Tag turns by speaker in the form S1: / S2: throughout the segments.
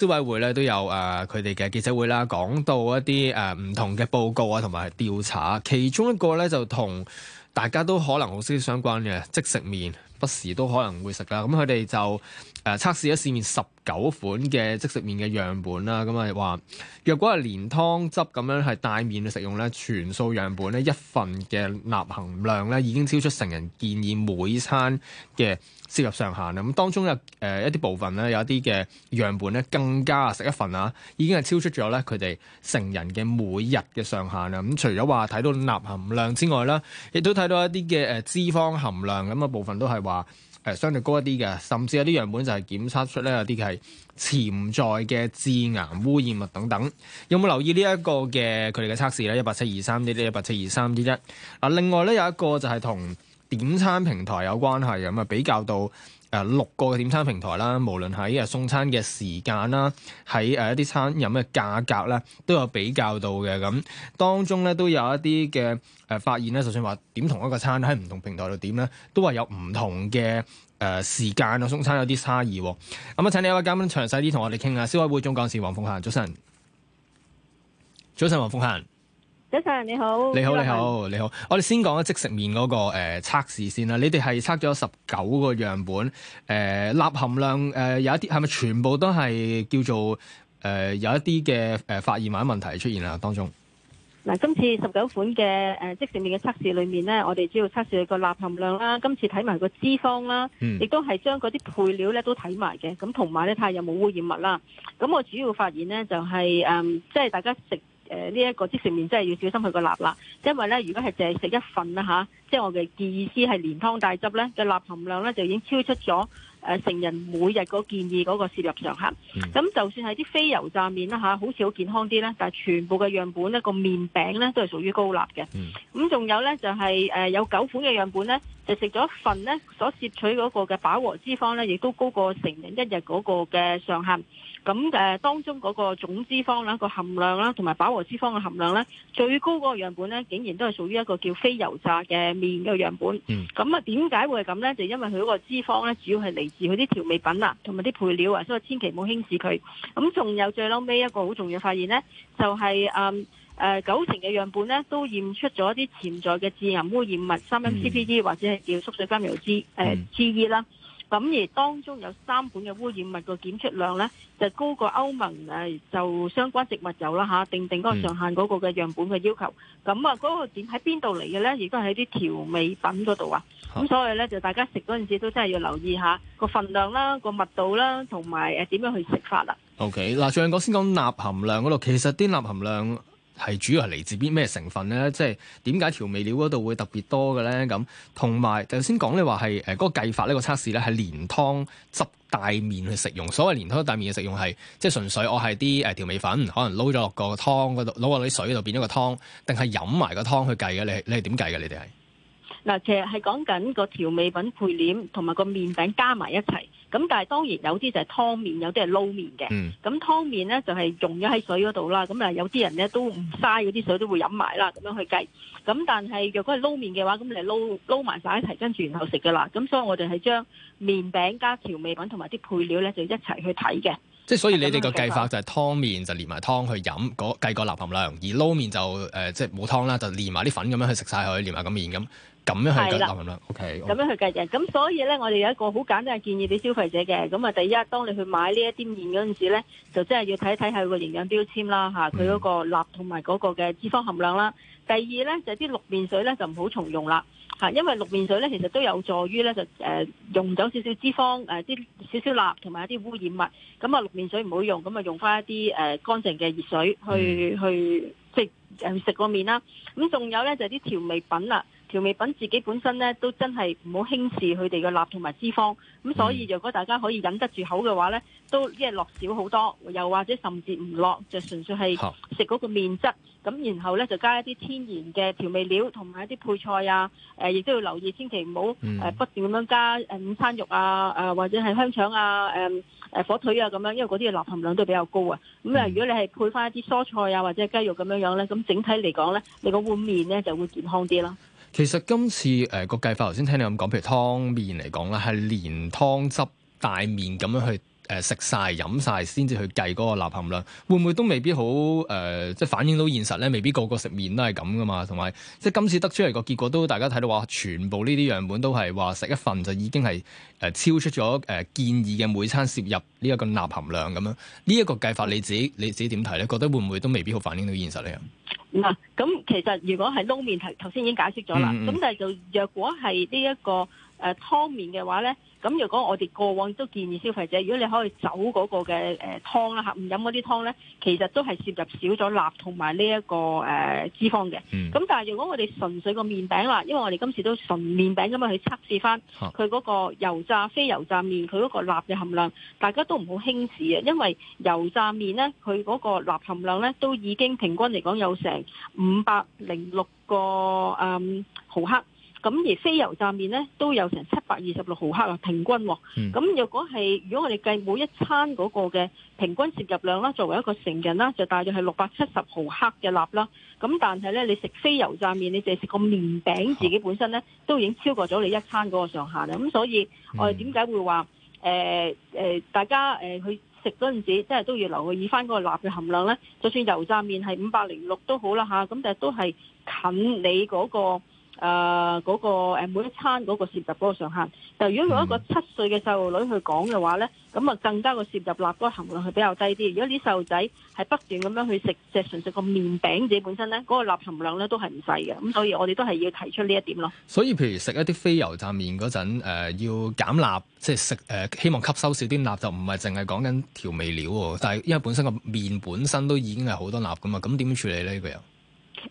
S1: 消委會咧都有誒佢哋嘅記者會啦，講到一啲誒唔同嘅報告啊，同埋調查，其中一個咧就同大家都可能好息息相關嘅即食麵。不時都可能會食啦，咁佢哋就誒、呃、測試咗市面十九款嘅即食麵嘅樣本啦，咁啊話若果係連湯汁咁樣係帶麵去食用咧，全數樣本呢一份嘅鈉含量咧已經超出成人建議每餐嘅攝入上限啦。咁當中咧誒、呃、一啲部分呢，有一啲嘅樣本咧更加食一份啊，已經係超出咗咧佢哋成人嘅每日嘅上限啦。咁除咗話睇到鈉含量之外啦，亦都睇到一啲嘅誒脂肪含量，咁啊部分都係話。話誒相對高一啲嘅，甚至有啲樣本就係檢測出咧有啲係潛在嘅致癌污染物等等，有冇留意呢一個嘅佢哋嘅測試咧？一八七二三呢啲一八七二三啲一。嗱，另外咧有一個就係同點餐平台有關係，咁啊比較到。誒六個嘅點餐平台啦，無論喺送餐嘅時間啦，喺一啲餐飲嘅價格啦，都有比較到嘅。咁當中咧都有一啲嘅誒發現咧，就算話點同一個餐喺唔同平台度點咧，都話有唔同嘅誒時間啊，送餐有啲差異。咁啊，請你有一位嘉賓詳細啲同我哋傾下。消委會總幹事黃鳳嫺，早晨，早晨，黃鳳嫺。
S2: 早晨，好你好。你好，你好，
S1: 你好。我哋先講即食麵嗰、嗰個誒測試先啦。你哋係測咗十九個樣本誒鈉、呃、含量誒、呃、有一啲係咪全部都係叫做誒、呃、有一啲嘅誒發現埋問題出現啦當中。
S2: 嗱，今次十九款嘅誒即食麵嘅測試裏面呢，我哋主要測試佢個鈉含量啦。今次睇埋個脂肪啦，亦都係將嗰啲配料咧，都睇埋嘅。咁同埋咧睇下有冇污染物啦。咁我主要發現呢、就係，就係誒即係大家食。誒呢一個即食麵真係要小心佢個鈉啦，因為呢，如果係淨係食一份啦嚇，即係我嘅意思係連湯帶汁呢嘅鈉含量呢就已經超出咗、呃、成人每日嗰建議嗰個攝入上限。咁、嗯、就算係啲非油炸麵啦嚇，好似好健康啲啦，但係全部嘅樣本呢個麵餅呢都係屬於高鈉嘅。咁仲、嗯、有呢，就係、是、有九款嘅樣本呢，就食咗一份呢所攝取嗰個嘅飽和脂肪呢，亦都高過成人一日嗰個嘅上限。咁誒，當中嗰個總脂肪啦、個含量啦，同埋飽和脂肪嘅含量咧，最高嗰個樣本咧，竟然都係屬於一個叫非油炸嘅麵嘅樣本。咁啊、嗯，點解會係咁咧？就因為佢嗰個脂肪咧，主要係嚟自佢啲調味品啦，同埋啲配料啊，所以千祈唔好輕視佢。咁仲有最嬲尾一個好重要發現咧、就是，就係誒誒九成嘅樣本咧，都驗出咗一啲潛在嘅致癌污染物三 MCPD、嗯、或者係叫縮水甘油酯誒之啦。嗯呃咁而當中有三款嘅污染物個檢出量咧，就高過歐盟誒就相關植物油啦嚇定定嗰個上限嗰個嘅樣本嘅要求。咁啊，嗰個點喺邊度嚟嘅咧？亦都係喺啲調味品嗰度啊，咁所以咧就大家食嗰陣時都真係要留意下個份量啦、個密度啦，同埋誒點樣去食法啦。
S1: OK，嗱，上講先講鈉含量嗰度，其實啲鈉含量。係主要係嚟自啲咩成分咧？即係點解調味料嗰度會特別多嘅咧？咁同埋頭先講咧，話係誒嗰個計法，呢個測試咧，係連湯汁帶麵去食用，所謂連湯汁帶麵嘅食用係即係純粹我係啲誒調味粉，可能撈咗落個湯嗰度撈落啲水嗰度變咗個湯，定係飲埋個湯去計嘅？你你係點計嘅？你哋係，
S2: 嗱，其實係講緊個調味品配料同埋個麵餅加埋一齊。咁但係當然有啲就係湯麵，有啲係撈麵嘅。咁、嗯、湯麵呢就係溶咗喺水嗰度啦。咁啊有啲人呢都唔嘥嗰啲水都會飲埋啦，咁樣去計。咁但係若果係撈麵嘅話，咁你撈撈埋晒一齊，跟住然後食噶啦。咁所以我哋係將麵餅加調味品同埋啲配料呢就一齊去睇嘅。
S1: 即係所以你哋個計法就係湯麵就連埋湯去飲，嗰計個鈉含量；而撈麵就誒、呃、即係冇湯啦，就連埋啲粉咁樣去食晒佢，連埋個麵咁。咁樣去啦，OK 咁樣
S2: 去計嘅，咁的 Okay, okay. 所以呢，我哋有一個好簡單嘅建議俾消費者嘅，咁啊，第一，當你去買呢一啲麵嗰陣時候呢，就真係要睇一睇下個營養標籤啦，佢、啊、嗰個鈉同埋嗰個嘅脂肪含量啦。啊嗯、第二呢，就啲、是、綠麵水呢，就唔好重用啦，嚇、啊，因為綠麵水呢，其實都有助於呢，就、呃、用溶走少少脂肪啲、呃、少少鈉同埋一啲污染物。咁啊綠麵水唔好用，咁啊用翻一啲、呃、乾淨嘅熱水去、嗯、去即係食個麵啦。咁、啊、仲有呢，就啲、是、調味品啦。調味品自己本身咧都真係唔好輕視佢哋嘅鈉同埋脂肪，咁所以如果大家可以忍得住口嘅話咧，嗯、都即係落少好多，又或者甚至唔落，就純粹係食嗰個麵質，咁然後咧就加一啲天然嘅調味料同埋一啲配菜啊，亦、呃、都要留意千要，千祈唔好不斷咁樣加誒午餐肉啊、呃、或者係香腸啊、呃、火腿啊咁樣，因為嗰啲嘅鈉含量都比較高啊。咁啊，如果你係配翻一啲蔬菜啊或者雞肉咁樣樣咧，咁整體嚟講咧，你個碗麵咧就會健康啲啦。
S1: 其實今次誒、呃這個計法，頭先聽你咁講，譬如湯麵嚟講咧，係連湯汁帶麵咁樣去誒食晒、飲晒先至去計嗰個鈉含量，會唔會都未必好誒、呃？即係反映到現實咧，未必個個食麵都係咁㗎嘛。同埋即係今次得出嚟個結果都，大家睇到話全部呢啲樣本都係話食一份就已經係誒超出咗誒、呃、建議嘅每餐攝入呢一個鈉含量咁樣。呢、這、一個計法你自己你自己點睇咧？覺得會唔會都未必好反映到現實咧？
S2: 嗱，咁、嗯、其實如果係撈麵頭先已經解釋咗啦，咁但係就若果係呢一個。誒湯麵嘅話呢，咁如果我哋過往都建議消費者，如果你可以走嗰個嘅誒湯啦唔飲嗰啲湯呢，其實都係攝入少咗鈉同埋呢一個誒脂肪嘅。咁、嗯、但係如果我哋純粹個麵餅啦，因為我哋今次都純麵餅咁樣去測試翻佢嗰個油炸非油炸麵，佢嗰個鈉嘅含量，大家都唔好輕視啊，因為油炸麵呢，佢嗰個鈉含量呢，都已經平均嚟講有成五百零六個誒毫克。咁而非油炸麵呢，都有成七百二十六毫克啊，平均、哦。咁若、嗯、果係如果我哋計每一餐嗰個嘅平均攝入量啦，作為一個成人啦，就大約係六百七十毫克嘅鈉啦。咁但係呢，你食非油炸麵，你淨係食個麵餅自己本身呢，都已經超過咗你一餐嗰個上限啦。咁、嗯、所以我哋點解會話誒誒，大家誒去食嗰陣時，即、呃、係都要留意翻嗰個鈉嘅含量呢？就算油炸麵係五百零六都好啦吓，咁但係都係近你嗰、嗰個。誒嗰、呃那個每一餐嗰個攝入嗰個上限，就如果用一個七歲嘅細路女去講嘅話咧，咁啊、嗯、更加個攝入鈉嗰個含量係比較低啲。如果啲細路仔係不斷咁樣去食，即係純食個麵餅自己本身咧，嗰、那個鈉含量咧都係唔細嘅。咁所以我哋都係要提出呢一點咯。
S1: 所以譬如食一啲非油炸麵嗰陣，誒要減鈉，即係食誒希望吸收少啲鈉，就唔係淨係講緊調味料，但係因為本身個麵本身都已經係好多鈉噶嘛，咁點樣處理咧？呢個又？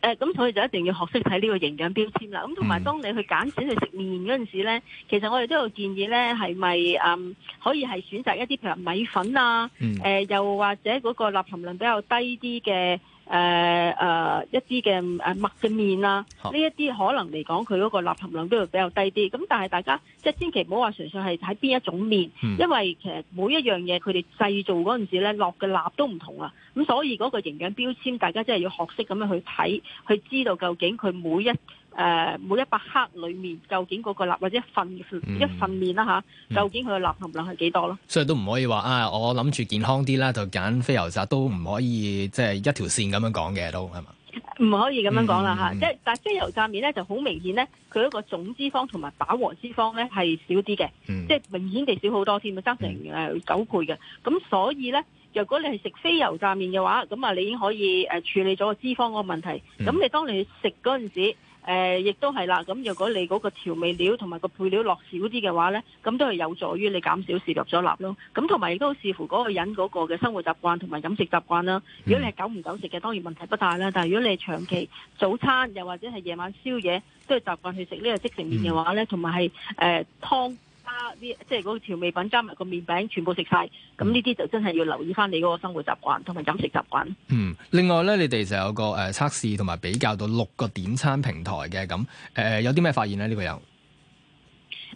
S2: 誒咁、呃，所以就一定要學識睇呢個營養標籤啦。咁同埋，當你去揀選去食麵嗰陣時咧，嗯、其實我哋都有建議咧，係咪誒可以係選擇一啲譬如米粉啊，嗯呃、又或者嗰個鈉含量比較低啲嘅。誒誒、呃呃、一啲嘅誒麥嘅麵啦，啊，呢一啲可能嚟講佢嗰個鈉含量都會比較低啲，咁但係大家即係千祈唔好話純粹係睇邊一種麵，嗯、因為其實每一樣嘢佢哋製造嗰陣時咧落嘅鈉都唔同啊，咁所以嗰個營養標籤大家真係要學識咁樣去睇，去知道究竟佢每一。誒、呃、每一百克裡面究竟嗰個鈉或者一份一份麵啦嚇，究竟佢嘅鈉含量係幾多咯？嗯、
S1: 所以都唔可以話啊！我諗住健康啲啦，就揀非油炸都唔可以，即係一條線咁樣講嘅都係嘛？
S2: 唔可以咁樣講啦嚇！即係、嗯啊、但係非油炸麵咧就好明顯咧，佢一個總脂肪同埋飽和脂肪咧係少啲嘅，嗯、即係明顯地少好多添，爭成誒九倍嘅。咁、嗯、所以咧，如果你係食非油炸麵嘅話，咁啊你已經可以誒處理咗個脂肪嗰個問題。咁、嗯、你當你食嗰陣時候。誒，亦、呃、都係啦。咁如果你嗰個調味料同埋個配料落少啲嘅話呢，咁都係有助於你減少攝入咗鈉咯。咁同埋亦都視乎嗰個人嗰個嘅生活習慣同埋飲食習慣啦。如果你係久唔久食嘅，當然問題不大啦。但係如果你係長期早餐又或者係夜晚宵夜都係習慣去食呢個即食麵嘅話呢，同埋係誒湯。即係嗰個調味品，加埋個麵餅，全部食晒。咁呢啲就真係要留意返你嗰個生活習慣同埋飲食習慣。嗯，
S1: 另外咧，你哋就有個誒測試同埋比較到六個點餐平台嘅咁，誒、呃、有啲咩發現咧？呢、這個有。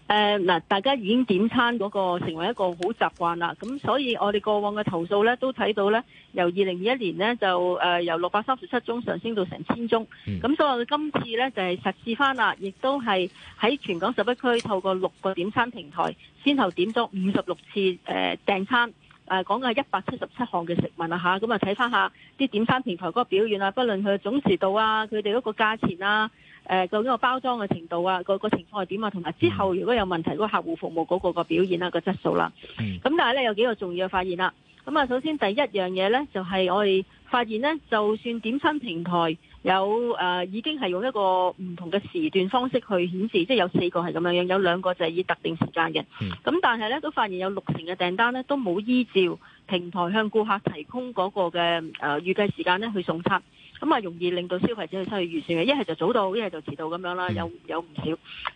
S2: 誒，嗱、呃，大家已經點餐嗰個成為一個好習慣啦，咁所以我哋過往嘅投訴咧都睇到咧，由二零二一年咧就、呃、由六百三十七宗上升到成千宗，咁、嗯、所以我哋今次咧就係、是、實試翻啦，亦都係喺全港十一區透過六個點餐平台，先後點咗五十六次誒、呃、訂餐。誒、啊、講緊係一百七十七項嘅食物，咁啊，睇翻下啲點餐平台嗰個表現啊，不論佢總時度啊、佢哋嗰個價錢啊、啊究竟嗰個包裝嘅程度啊、那個個情況係點啊，同埋之後如果有問題嗰、那個客戶服務嗰個個表現啦、啊、那個質素啦、啊。咁但係咧有幾個重要嘅發現啦。咁啊，首先第一樣嘢咧就係、是、我哋發現咧，就算點餐平台。有誒、呃、已經係用一個唔同嘅時段方式去顯示，即係有四個係咁樣樣，有兩個就係以特定時間嘅。咁、嗯、但係呢都發現有六成嘅訂單呢都冇依照平台向顧客提供嗰個嘅誒、呃、預計時間呢去送餐，咁啊容易令到消費者去失去預算嘅。一係就早到，一係就遲到咁樣啦，有有唔少。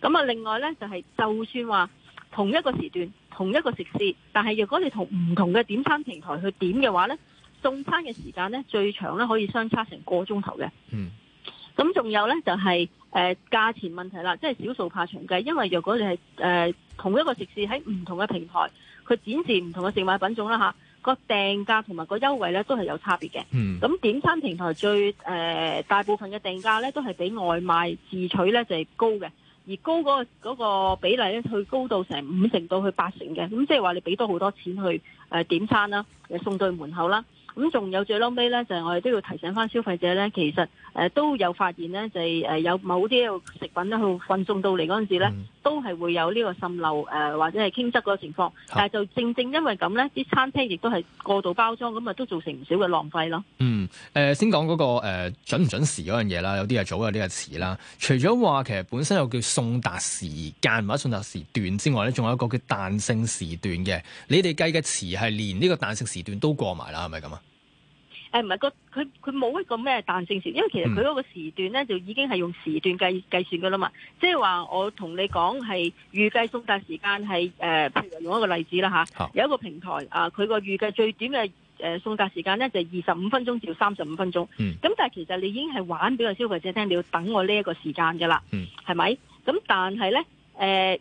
S2: 咁啊另外呢，就係、是、就算話同一個時段、同一個食肆，但係若果你同唔同嘅點餐平台去點嘅話呢。送餐嘅時間呢，最長呢可以相差成個鐘頭嘅。嗯。咁仲有呢，就係、是、誒、呃、價錢問題啦，即係少數怕長計，因為如果你係誒、呃、同一個食肆喺唔同嘅平台，佢展示唔同嘅食物品種啦嚇，個訂價同埋個優惠呢都係有差別嘅。咁、嗯、點餐平台最誒、呃、大部分嘅訂價呢都係比外賣自取呢，就係高嘅，而高嗰個嗰個比例呢，去高到成五成到去八成嘅，咁即係話你畀多好多錢去誒、呃、點餐啦，送到去門口啦。咁仲有最嬲尾咧，就係我哋都要提醒返消費者咧，其實都有發現咧，就係有某啲食品咧，佢運送到嚟嗰陣時咧，都係會有呢個滲漏或者係傾側嗰個情況。但係就正正因為咁咧，啲餐廳亦都係過度包裝，咁啊都造成唔少嘅浪費咯。嗯，
S1: 先講嗰個準準唔準時嗰樣嘢啦，有啲係早，有啲係遲啦。除咗話其實本身有叫送達時間或者送達時段之外咧，仲有一個叫彈性時段嘅。你哋計嘅遲係連呢個彈性時段都過埋啦，係咪咁啊？
S2: 誒，唔係個佢佢冇一個咩彈性時，因為其實佢嗰個時段咧就已經係用時段計計算噶啦嘛，即係話我同你講係預計送達時間係誒，呃、譬如用一個例子啦吓，有一個平台啊，佢個預計最短嘅誒、呃、送達時間咧就係二十五分鐘至三十五分鐘，咁、嗯、但係其實你已經係玩俾個消費者聽，你要等我呢一個時間噶啦，係咪、嗯？咁但係咧誒。呃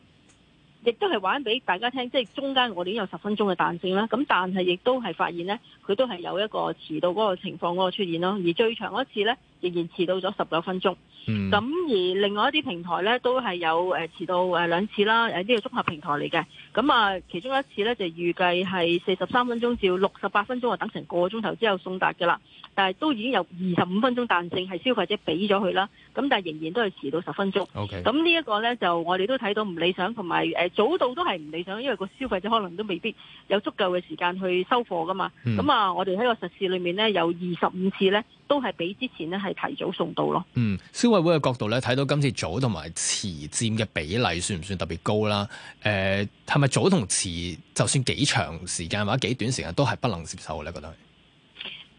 S2: 亦都係玩俾大家聽，即係中間我哋已經有十分鐘嘅彈性啦。咁但係亦都係發現呢，佢都係有一個遲到嗰個情況嗰個出現咯。而最長嗰次呢，仍然遲到咗十六分鐘。咁、嗯、而另外一啲平台呢，都係有誒、呃、遲到、呃、兩次啦。誒呢個綜合平台嚟嘅。咁啊、呃，其中一次呢，就預計係四十三分鐘至到六十八分鐘，就，鐘就等成個鐘頭之後送達㗎啦。但係都已經有二十五分鐘彈性係消費者俾咗佢啦。咁但係仍然都係遲到十分鐘。OK。咁呢一個呢，就我哋都睇到唔理想，同埋誒早到都係唔理想，因為個消費者可能都未必有足夠嘅時間去收貨噶嘛。咁啊、嗯，我哋喺個實試裏面呢，有二十五次呢，都係比之前呢係提早送到咯。嗯，
S1: 消委會嘅角度呢，睇到今次早同埋遲佔嘅比例算唔算特別高啦？誒係咪早同遲就算幾長時間或者幾短時間都係不能接受呢？覺得？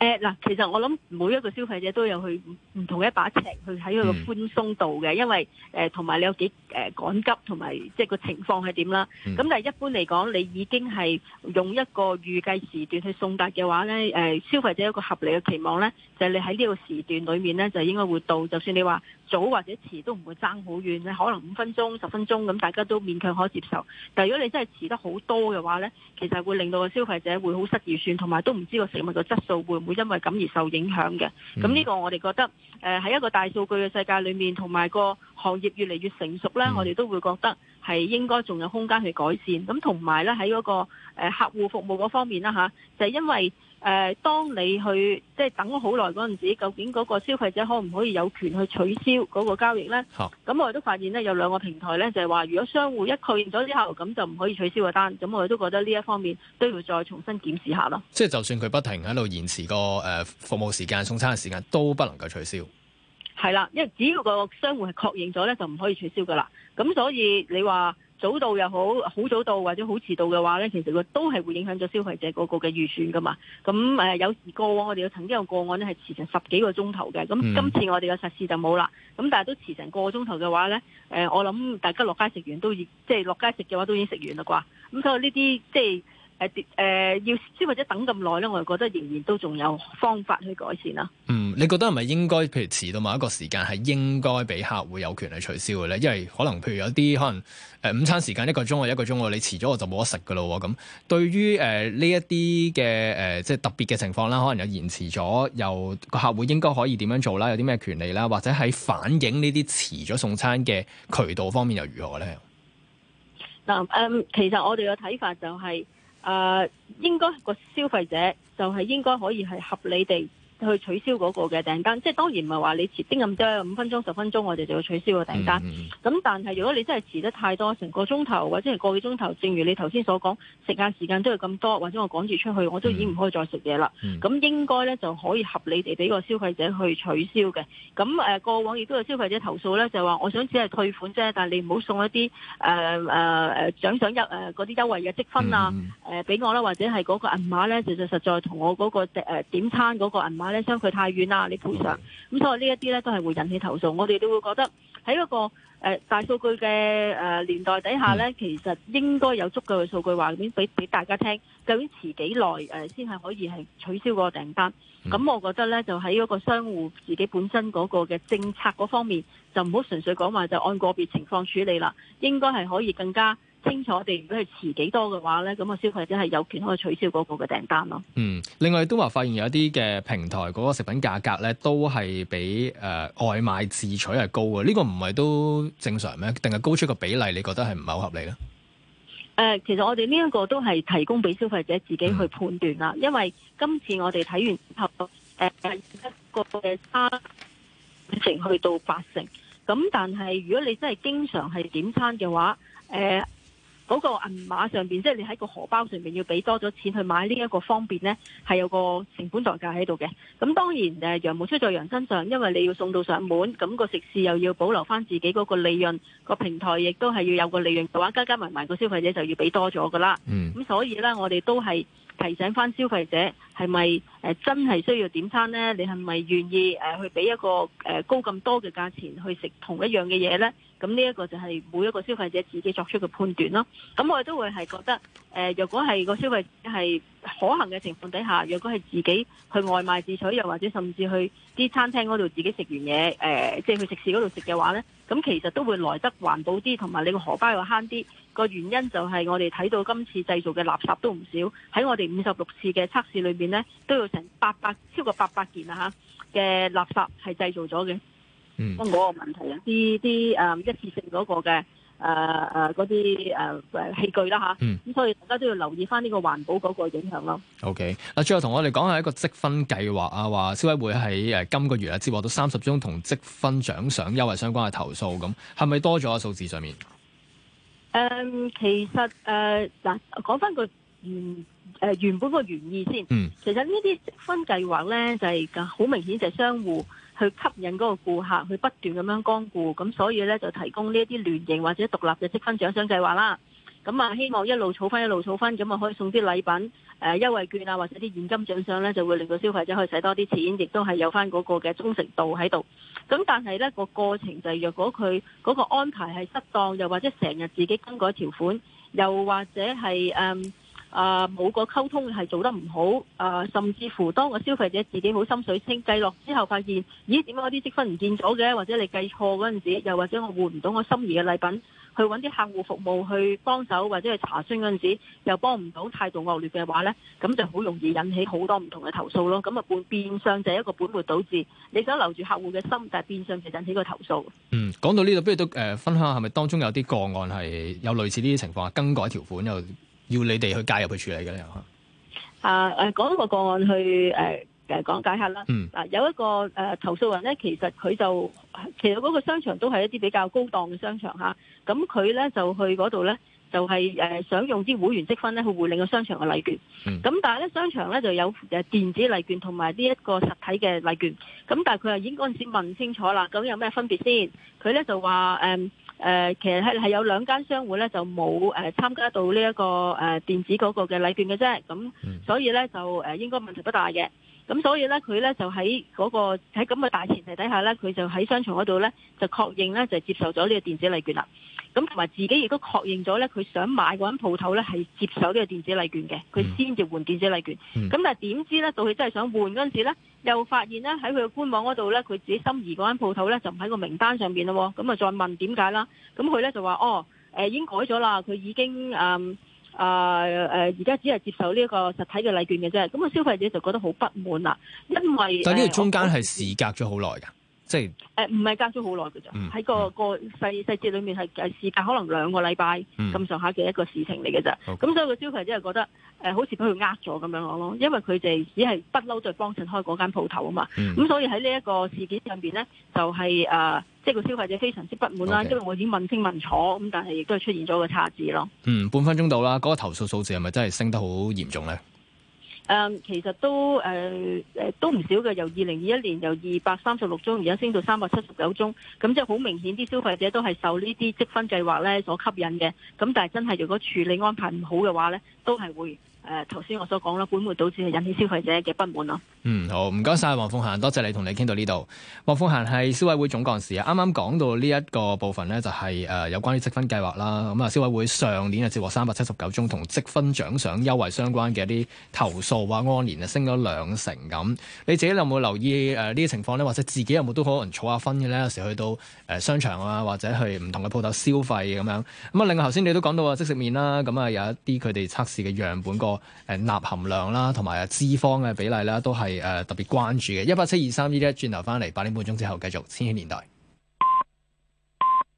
S2: 誒嗱，其實我諗每一個消費者都有去唔同一把尺去睇佢個寬鬆度嘅，因為誒同埋你有幾誒趕急，同埋即係個情況係點啦。咁但係一般嚟講，你已經係用一個預計時段去送達嘅話咧，誒消費者有一個合理嘅期望咧，就係你喺呢個時段裏面咧，就應該會到，就算你話。早或者遲都唔會爭好遠，你可能五分鐘、十分鐘咁，大家都勉強可接受。但係如果你真係遲得好多嘅話呢，其實會令到個消費者會好失預算，同埋都唔知個食物個質素會唔會因為咁而受影響嘅。咁呢、嗯、個我哋覺得，誒喺一個大數據嘅世界裏面，同埋個行業越嚟越成熟呢，我哋都會覺得係應該仲有空間去改善。咁同埋呢，喺嗰個客戶服務嗰方面啦，嚇，就係、因為。誒，當你去即係等咗好耐嗰陣時，究竟嗰個消費者可唔可以有權去取消嗰個交易呢？咁、啊，那我哋都發現呢，有兩個平台呢，就係話如果商戶一確認咗之後，咁就唔可以取消個單。咁我哋都覺得呢一方面都要再重新檢視下咯。
S1: 即係就算佢不停喺度延遲個誒服務時間、送餐嘅時間，都不能夠取消。
S2: 係啦，因為只要個商戶係確認咗呢，就唔可以取消噶啦。咁所以你話。早到又好，好早到或者好遲到嘅話呢，其實佢都係會影響咗消費者個個嘅預算噶嘛。咁呃，有時過往，我哋有曾經有個案呢，係遲成十幾個鐘頭嘅。咁今次我哋嘅實試就冇啦。咁但係都遲成個鐘頭嘅話呢、呃，我諗大家落街食完都已即係落街食嘅話都已經食完啦啩。咁所以呢啲即係。誒跌要，即或者等咁耐咧，我就覺得仍然都仲有方法去改
S1: 善啦。嗯，你覺得係咪應該譬如遲到某一個時間係應該俾客戶有權利取消嘅咧？因為可能譬如有啲可能誒午餐時間一個鐘啊一個鐘你遲咗我就冇得食噶咯喎。咁對於誒呢一啲嘅誒即特別嘅情況啦，可能有延遲咗，又個客戶應該可以點樣做啦？有啲咩權利啦？或者喺反映呢啲遲咗送餐嘅渠道方面又如何咧？嗱，誒，
S2: 其實我哋嘅睇法就係。誒，應該個消費者就係應該可以係合理地，去取消嗰個嘅訂單，即係當然唔係話你遲啲咁多五分鐘、十分鐘，我哋就要取消個訂單。咁、嗯嗯、但係如果你真係遲得太多，成個鐘頭或者係個幾鐘頭，正如你頭先所講，食晏時間都係咁多，或者我趕住出去，我都已經唔可以再食嘢啦。咁、嗯、應該咧就可以合理哋俾個消費者去取消嘅。咁誒過往亦都有消費者投訴咧，就話我想只係退款啫，但係你唔好送一啲誒誒誒獎賞優誒嗰啲優惠嘅積分啊誒俾、嗯嗯呃、我啦，或者係嗰個銀碼咧，實實實在同我嗰、嗰個誒、呃、點餐嗰個銀碼。咧相距太遠啦，你賠償。咁所以呢一啲咧都係會引起投訴。我哋都會覺得喺一個、呃、大數據嘅、呃、年代底下咧，其實應該有足夠嘅數據話俾俾大家聽，究竟遲幾耐先係可以係取消嗰個訂單。咁我覺得咧，就喺嗰個商戶自己本身嗰個嘅政策嗰方面，就唔好純粹講話就按個別情況處理啦，應該係可以更加。清楚，我哋如果係遲幾多嘅話呢，咁啊消費者係有權可以取消嗰個嘅訂單咯。嗯，
S1: 另外都話發現有啲嘅平台嗰個食品價格呢都係比誒、呃、外賣自取係高嘅。呢、這個唔係都正常咩？定係高出個比例？你覺得係唔係好合理呢？
S2: 誒、呃，其實我哋呢一個都係提供俾消費者自己去判斷啦。嗯、因為今次我哋睇完之後，誒、呃、一個嘅差成去到八成，咁但係如果你真係經常係點餐嘅話，誒、呃。嗰個銀碼上面，即係你喺個荷包上面要畀多咗錢去買呢一個方便呢係有個成本代價喺度嘅。咁當然誒，羊毛出在羊身上，因為你要送到上門，咁個食肆又要保留翻自己嗰個利潤，個平台亦都係要有個利潤嘅話，加加埋埋個消費者就要畀多咗噶啦。咁、嗯、所以呢，我哋都係提醒翻消費者，係咪誒真係需要點餐呢？你係咪願意誒去畀一個誒高咁多嘅價錢去食同一樣嘅嘢呢？咁呢一個就係每一個消費者自己作出嘅判斷咯。咁我哋都會係覺得，誒、呃、若果係個消費係可行嘅情況底下，若果係自己去外賣自取，又或者甚至去啲餐廳嗰度自己食完嘢，誒即係去食肆嗰度食嘅話呢，咁其實都會來得環保啲，同埋你個荷包又慳啲。個原因就係我哋睇到今次製造嘅垃圾都唔少，喺我哋五十六次嘅測試裏面呢，都有成八百超過八百件啊嚇嘅垃圾係製造咗嘅。咁嗰、嗯、個問題啊，啲啲誒一次性嗰個嘅誒誒嗰啲誒誒器具啦嚇，咁、呃呃嗯、所以大家都要留意翻呢個環保嗰個影響咯。
S1: O K，嗱最後同我哋講下一個積分計劃啊，話消委會喺誒今個月啊接獲到三十宗同積分獎賞優惠相關嘅投訴，咁係咪多咗數字上面？
S2: 誒、嗯，其實誒嗱講翻個原誒、呃、原本個原意先，嗯、其實呢啲積分計劃咧就係、是、好明顯就係商戶。去吸引嗰個顧客，去不斷咁樣光顧，咁所以呢，就提供呢一啲聯營或者獨立嘅積分獎賞計劃啦。咁啊，希望一路儲分，一路儲分，咁啊可以送啲禮品、誒、呃、優惠券啊，或者啲現金獎賞呢，就會令到消費者可以使多啲錢，亦都係有翻嗰個嘅忠誠度喺度。咁但係呢、個過程就係若果佢嗰個安排係失當，又或者成日自己更改條款，又或者係啊，冇、呃、個溝通係做得唔好啊、呃，甚至乎當個消費者自己好心水清計落之後，發現咦，點解啲積分唔見咗嘅？或者你計錯嗰陣時，又或者我換唔到我心儀嘅禮品，去搵啲客戶服務去幫手，或者去查詢嗰陣時又幫唔到，態度惡劣嘅話呢，咁就好容易引起好多唔同嘅投訴咯。咁啊，變相就係一個本末倒置。你想留住客戶嘅心，但係變相就引起個投訴。嗯，
S1: 講到呢度，不如都誒分享下係咪當中有啲個案係有類似呢啲情況更改條款又。要你哋去介入去處理嘅咧嚇。
S2: 啊誒，講一個個案去誒誒、呃、講解下啦。嗯。啊，有一個誒、呃、投訴人咧，其實佢就其實嗰個商場都係一啲比較高檔嘅商場嚇。咁佢咧就去嗰度咧，就係、是、誒、呃、想用啲會員積分咧去換領個商場嘅禮券。嗯。咁但係咧商場咧就有誒電子禮券同埋呢一個實體嘅禮券。咁但係佢係已經嗰陣時問清楚啦，咁有咩分別先？佢咧就話誒。嗯。誒、呃，其實係係有兩間商戶咧，就冇誒參加到呢一個誒電子嗰個嘅禮券嘅啫，咁所以咧就誒應該問題不大嘅。咁所以咧，佢咧就喺嗰、嗰個喺咁嘅大前提底下咧，佢就喺商場嗰度咧就確認咧就接受咗呢個電子禮券啦。咁同埋自己亦都確認咗咧，佢想買嗰間鋪頭咧係接受呢個電子禮券嘅，佢先至換電子禮券。咁、嗯、但係點知咧，到佢真係想換嗰陣時咧，又發現咧喺佢嘅官網嗰度咧，佢自己心儀嗰間鋪頭咧就唔喺個名單上邊咯。咁啊，再問點解啦？咁佢咧就話：哦，誒、呃、已經改咗啦，佢已經、呃啊誒，而家、呃呃、只係接受呢一個實體嘅禮券嘅啫。咁啊消費者就覺得好不滿啦，因為但係呢個中間係
S1: 事隔咗好耐噶即
S2: 係誒唔係隔咗好耐嘅咋。喺、嗯、個個細細節裏面係誒事隔可能兩個禮拜咁上下嘅一個事情嚟嘅咋。咁好所以個消費者係覺得誒、呃、好似俾佢呃咗咁樣咯，因為佢哋只係不嬲就係幫襯開嗰間鋪頭啊嘛。咁、嗯、所以喺呢一個事件上邊咧就係、是、誒。呃即係個消費者非常之不滿啦，Okay. 因為我已經問清問楚，咁但係亦都係出現咗個差字咯。嗯，
S1: 半分鐘到啦，嗰、那個投訴數字係咪真係升得好嚴重呢？
S2: 誒、嗯，其實都誒誒、呃、都唔少嘅，由二零二一年由二百三十六宗而家升到三百七十九宗，咁即係好明顯啲消費者都係受呢啲積分計劃咧所吸引嘅，咁但係真係如果處理安排唔好嘅話咧，都係會誒頭先我所講啦，本末導致係引起消費者嘅不滿咯。
S1: 嗯，好，唔該晒，黃鳳嫺，多謝你同你傾到呢度。黃鳳嫺係消委會總幹事啊，啱啱講到呢一個部分呢，就係、是、誒、呃、有關於積分計劃啦。咁、嗯、啊，消委會上年啊接獲三百七十九宗同積分獎賞優惠相關嘅一啲投訴啊，按年啊升咗兩成咁、嗯。你自己有冇留意誒呢啲情況呢？或者自己有冇都可能儲下分嘅呢？有時去到誒、呃、商場啊，或者去唔同嘅鋪頭消費咁樣。咁、嗯、啊，另外頭先你都講到啊，即食麵啦，咁、嗯、啊、呃、有一啲佢哋測試嘅樣本個誒鈉含量啦，同埋脂肪嘅比例啦，都係。係誒特別關注嘅一八七二三呢啲。轉頭翻嚟，八點半鐘之後繼續千禧年代。